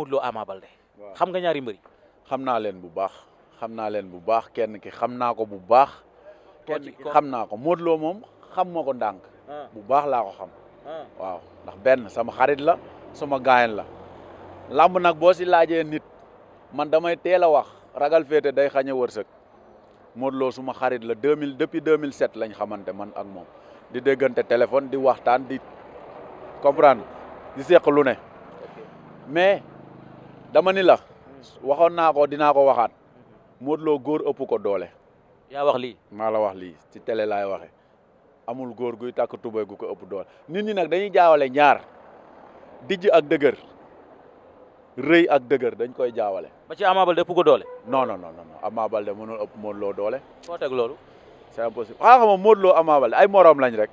Modou Lo Ama Baldé xam nga ñaari mbëri xam naa leen bu baax xam naa leen bu baax kenn ki xam naa ko bu baax kenn xam naa ko Modou Lo moom xam ma ko ndànk ah. bu baax laa ko xam ah. waaw ndax benn sama xarit la sama gaayen la làmb nag boo si laajee nit man damay teel a wax ragal féete day xañ a wërsëg Modou Lo suma xarit la 2000 depuis 2007 lañ xamante man ak moom di déggante téléphone di waxtaan di comprendre di ne dama ni la waxoon naa ko dinaa ko waxaat Modou loo góor ëpp ko doole. yaa wax lii. maa la wax lii ci tele laay waxe amul góor guy tàkk tubay gu ko ëpp doole nit ñi nag dañuy jaawale ñaar dijj ak dëgër rëy ak dëgër dañ koy jaawale. a ci Ama Baldé ëpp ko doole. non non non non Ama Baldé mënul ëpp Modou Lo doole. foo teg loolu. c'est impossible ah xam nga Modou ay morom lañ rek.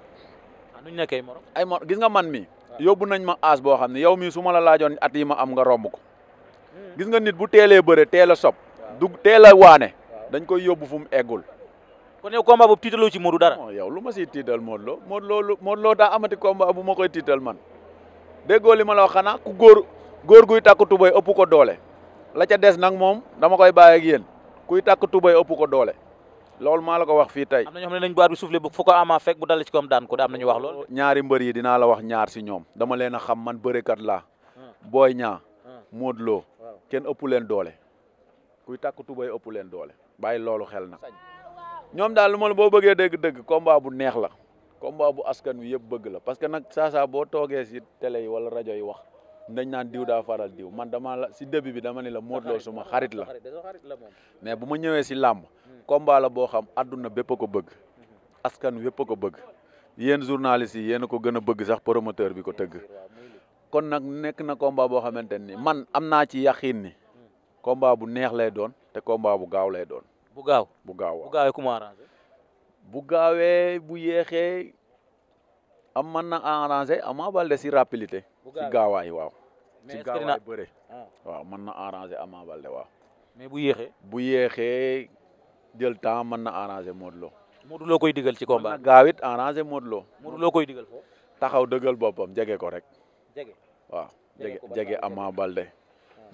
ah nuñ nekkee morom. ay mor gis nga man mi yobu nañ ma as boo xam ne yow mii su ma la laajoon at yi ma am nga romb ko. gis nga nit bu teelee bëre teel a sob du teel a waane dañ koy yóbbu fu mu eggul kon yow combat boobu tiitaloo ci Modou dara yow lu ma si tiital Modou Lo Modou Lo Modou Lo daa amati combat bu ma koy tiital man déggoo li ma la wax xanaa ku góor góor guy takk tubay ëpp ko doole la ca des nag moom dama koy bàyyi yéen kuy takk tubay ëpp ko doole loolu maa la ko wax fii tey am na ñoo xam ne nañ baat bi soufflé bu fu ko ama fekk bu dalee ci koom daan ko da am nañu wax loolu ñaari mbër yi dinaa la wax ñaar si ñoom dama leen a xam man bërekat laa hmm. Boy Niang hmm. Modou Lo kenn ëpp leen doole kuy takk tubay ëpp leen doole bàyyi loolu xel na ñoom daal lu ma la boo bëggee dégg dëgg combat bu neex la combat bu askan wi yëpp bëgg la parce que nag saa boo toogee si télé yi rajo yi wax dañ naan diw daa faral diw man dama la si début bi dama ne la Modou Lo suma xarit la mais bu ma ñëwee si làmb combat la boo xam àdduna bépp a ko bëgg askan wépp a ko bëgg yéen journalistes yi yéen ko gën a bëgg sax promoteur bi ko tëgg kon nag nekk na combat boo xamante ni man am naa ci yaqiin ni combat bu neex lay doon te combat bu gaaw lay doon. bu gaaw bu gaaw bu gaawee ku mu bu gaawee bu yéexee am mën na arrangé Ama Baldé si rapidité. si gaawaay waaw. si gaawaay bëre ah. waaw mën na arrangé Ama Baldé waaw. mais bu yéexee. bu yéexee jël temps mën na arrangé Modou Lo. Modou koy digal ci combat. gaaw it arrangé Modou Lo. Modou koy digal foofu. taxaw dëggal boppam jege ko rek. waaw jege jege Ama Balde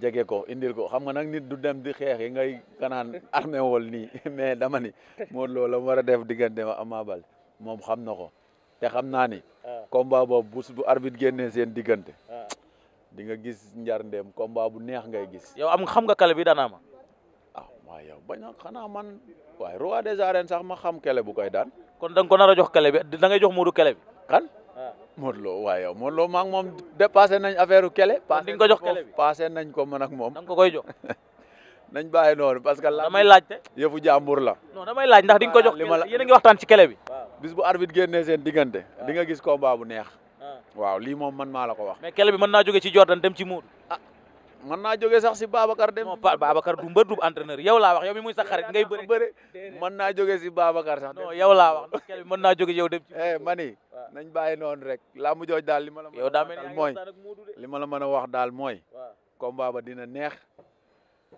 jege ko indil ko xam nga nag nit du dem di xeex ngay kanaan armé ni nii mais dama ni Modou Lo la mu war a def diggante Ama Balde moom xam na ko te xam naa ni ah. combat boobu bu bu arbitre génnee seen diggante ah. di nga gis njar ndeem combat bu neex ngay gis yow am xam nga kale bi daanaa ma ah waaw yow bañ xanaa man waaye roi des arènes sax ma xam kele bu koy daan kon da nga ko a jox kele bi da ngay jox Modou kele bi kan Modou Lo waaw yow loo Lo maa ngi moom dépassé nañ affaire kele. di nga ko jox kele bi nañ ko man ak moom. da nga ko koy jox. nañ bàyyi noonu parce que. damay laajte yëfu jàmbur la. non damay laaj ndax di nga ko jox yéen a ngi waxtaan ci kele bi. bis bu arbitre génnee seen diggante. di nga gis combat bu neex. Ah. waaw lii moom man maa la ko wax. mais kele bi mën naa joge ci Jordan dem ci Modou. Ah, mën naa jógee sax si Babacar dem. non Babacar du mbër du entraîneur yow laa wax yow mi muy sa xarit ngay bëre. mën naa jógee si Babacar sax. non yow laa wax ndax kenn mën naa jóge yow dem. eh mani nañ bàyyi noonu rek laa mu jooj daal li ma la. yow daa mel ni mooy li ma la mën a wax daal mooy. combat ba dina neex.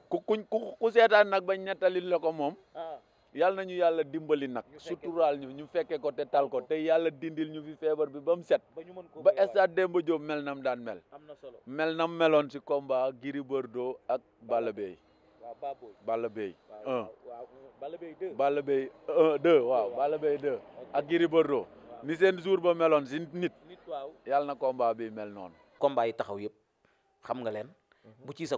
ku ku ku seetaan nag bañ nettali la ko moom. Ah. yàlla nañu yàlla dimbali nag suturaal ñu ñu fekkee ko te tal ko te yàlla dindil ñu fi feebar bi ba mu set ba stade Demba Diop mel nam daan mel mel nam meloon si combat Gris Bordeaux ak Balla Beye Balla Beye un Balla Beye un deux waaw Balla Beye deux ak Gris Bordeaux ni seen jour ba meloon si nit yàlla na combat bi mel noonu combat yi taxaw yëpp xam nga leen mhm. bu ci sa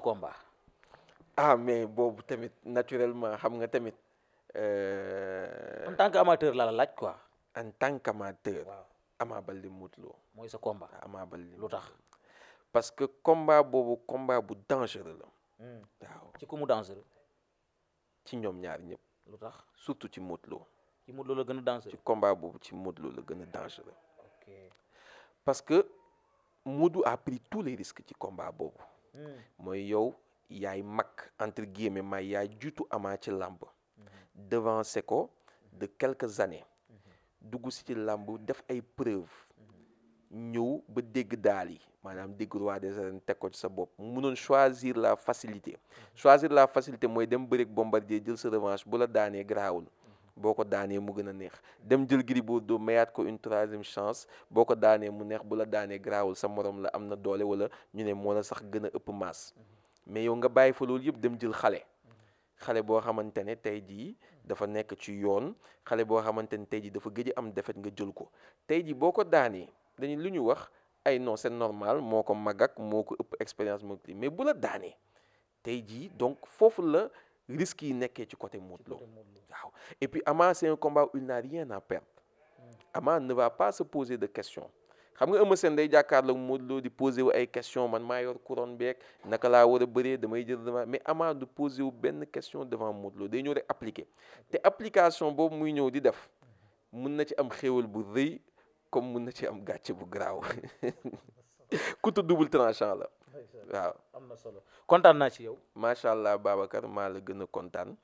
ah mais boobu tamit naturellement xam nga tamit Euh, en tant que amateur laa la laaj quoi. en tant que amateur. Ama Baldé Modou Lô. mooy sa combat ah, Ama Baldé lu tax. parce que combat boobu combat bu dangereux la. Hmm. waaw ci ku ci ñoom ñaar ñëpp. lu tax surtout ci Modou Lô. la gën a dangereux. ci boobu ci Modou la gën a dangereux. parce que Modou a tout tous les risques ci combat boobu. Hmm. mooy yow yaay mag entre guillemets ma yaay juutu Ama ci làmb. devancé ko de quelques années dugg si ci làmb def ay preuve ñëw ba dégg daal yi maanaam dégg roi des arènes teg ko ci sa bopp mu mënoon choisir la facilité choisir la facilité mooy dem bëreeg bombardier jël sa revanche bu la daanee garaawul boo ko daanee mu gën a neex dem jël Gris Bordeaux mayaat ko une troisième chance boo ko daanee mu neex bu la daanee garaawul sa morom la am na doole wala ñu ne moo la sax gën a ëpp maas mais yow nga bàyyi fa loolu yëpp dem jël xale xale boo xamante ne tey jii dafa nekk ci yoon xale boo xamante ne tey jii dafa gëj am defet nga jël ko tey jii boo ko daanee dañu lu ñu wax ay non c'est normal moo ko mag moo ko ëpp expérience moo mais bu la daanee tey jii donc foofu la risque yi nekkee ci côté Modou Lo waaw et puis Ama c'est un combat où il n'a rien à perdre mm. ne va pas se poser de question xam nga Eumeu Sène day jàkkaarloog Modou Lo di posé wu ay question man maa yor couronne beeg naka laa war a bëree damay jël dama mais Ama du posé wu benn question devant Modou Lo day ñëw rek appliqué te application boobu muy ñëw di def mun na ci am xéewal bu rëy comme mun na ci am gàcce bu garaaw couteau double tranchant la waaw am na solo kontaan naa ci yow macha allah Babacar maa la gën a kontaan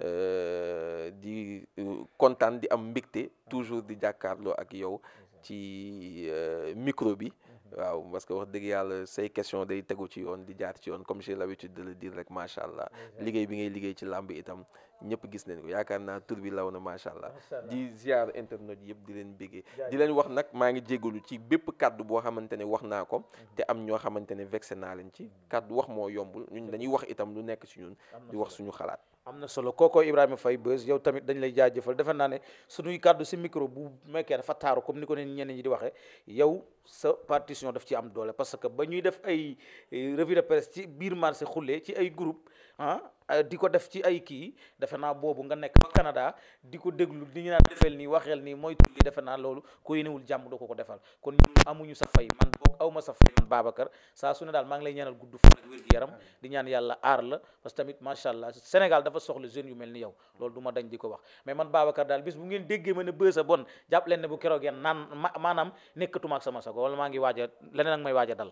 euh, di euh, kontaan di am mbégte toujours di jàkkaarloo ak yow ci euh, micro bi. Mhm. waaw parce que wax dëgg yàlla say question day tegu ci yoon di jaar ci yoon comme la l'habitude de la dire rek macha allah liggéey bi ngay liggéey ci làmb itam ñëpp gis nañ ko yaakaar naa tur bi law na macha allah di ziar internet yëpp di leen béggee di leen wax nag maa ngi jégalu ci bépp kàddu boo xamante ne wax naa ko mhm. te am ñoo xamante ne vexé naa leen ci kàddu wax moo yombul ñun dañuy wax itam lu nekk ci ñun di wax suñu xalaat am na solo kookoo Ibrahima fay Beuz yow tamit dañ lay jaajëfal defe naa ne suñuy kàddu si micro bu mekkee dafa taaru comme ni ko neen ñeneen ñi di waxee yow sa partition daf ci am doole parce que ba ñuy def ay eh, revue de presse ci biir marché xullee ci ay groupe ah euh, di ko def ci ay kii defe naa boobu nga nekk ba Canada di ko déglu di ñu naan defel nii waxeel nii mooy tulli defe naa loolu ko yéenewul jàmm doo ko ko defal kon ñun amuñu sa fay man boog awma sa fay man Babacar saa su ne daal maa ngi lay ñaanal gudd fan ak yaram di ñaan yàlla aar la parce tamit macha allah Sénégal dafa soxla jeunes yu mel ni yow loolu du ma dañ di ko wax mais man Babacar daal bis bu ngeen déggee ma ne bës a bon jàpp leen ne bu keroog yeen naan ma maanaam nekkatuma ak sama sago maa ngi waaj a leneen ak may waaj dal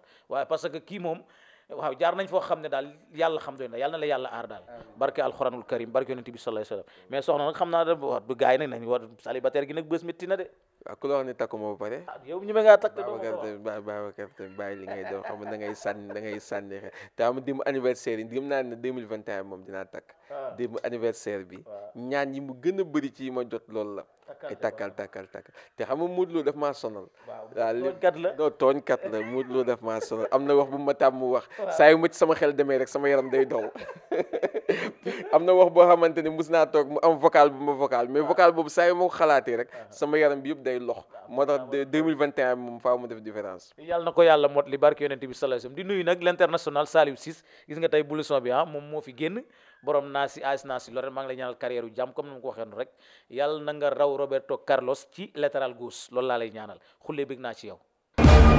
waaw jaar nañ foo xam ne daal yàlla xam doy na yàlla na yàlla aar daal barke alxuraanul karim barke yonent bi sallallahu wasallam mais soxna nag xam naa da wax bu gars yi nag nañ war nag bés métti na de waaw ku la wax ne takku ma ba pare ah, takk li ngay doon xam da da ngay sànni xe te am dim anniversaire naa ne 2021 moom dinaa takk ah. dim anniversaire bi ñaan yi mu gën a bëri ci ma jot loolu la ay takkal takkal takkal te xam nga Modou Lo daf maa sonal. waaw tooñkat la waaw tooñkat la Modou Lo daf maa sonal am na wax bu ma tàmm mu wax. saa yu ma ci sama xel demee rek sama yaram day dow am na wax boo xamante ne mus naa toog mu am vocal bu ma vocal mais vocal boobu saa yu ma ko xalaatee rek uh-huh. sama yaram bi yëpp day lox moo tax deux mille vingt et un moom faaw mu def différence. yàlla na ko yàlla mot li barke yonent bi di nuyu nag l'international Saliou Ciss borom naa si AS Nancy Lorraine maa ngi lay ñaanal carrière yu jàmm comme ni ma ko rek yàlla na nga raw Roberto Carlos ci latéral gauche loolu laa lay ñaanal xule bég naa ci yow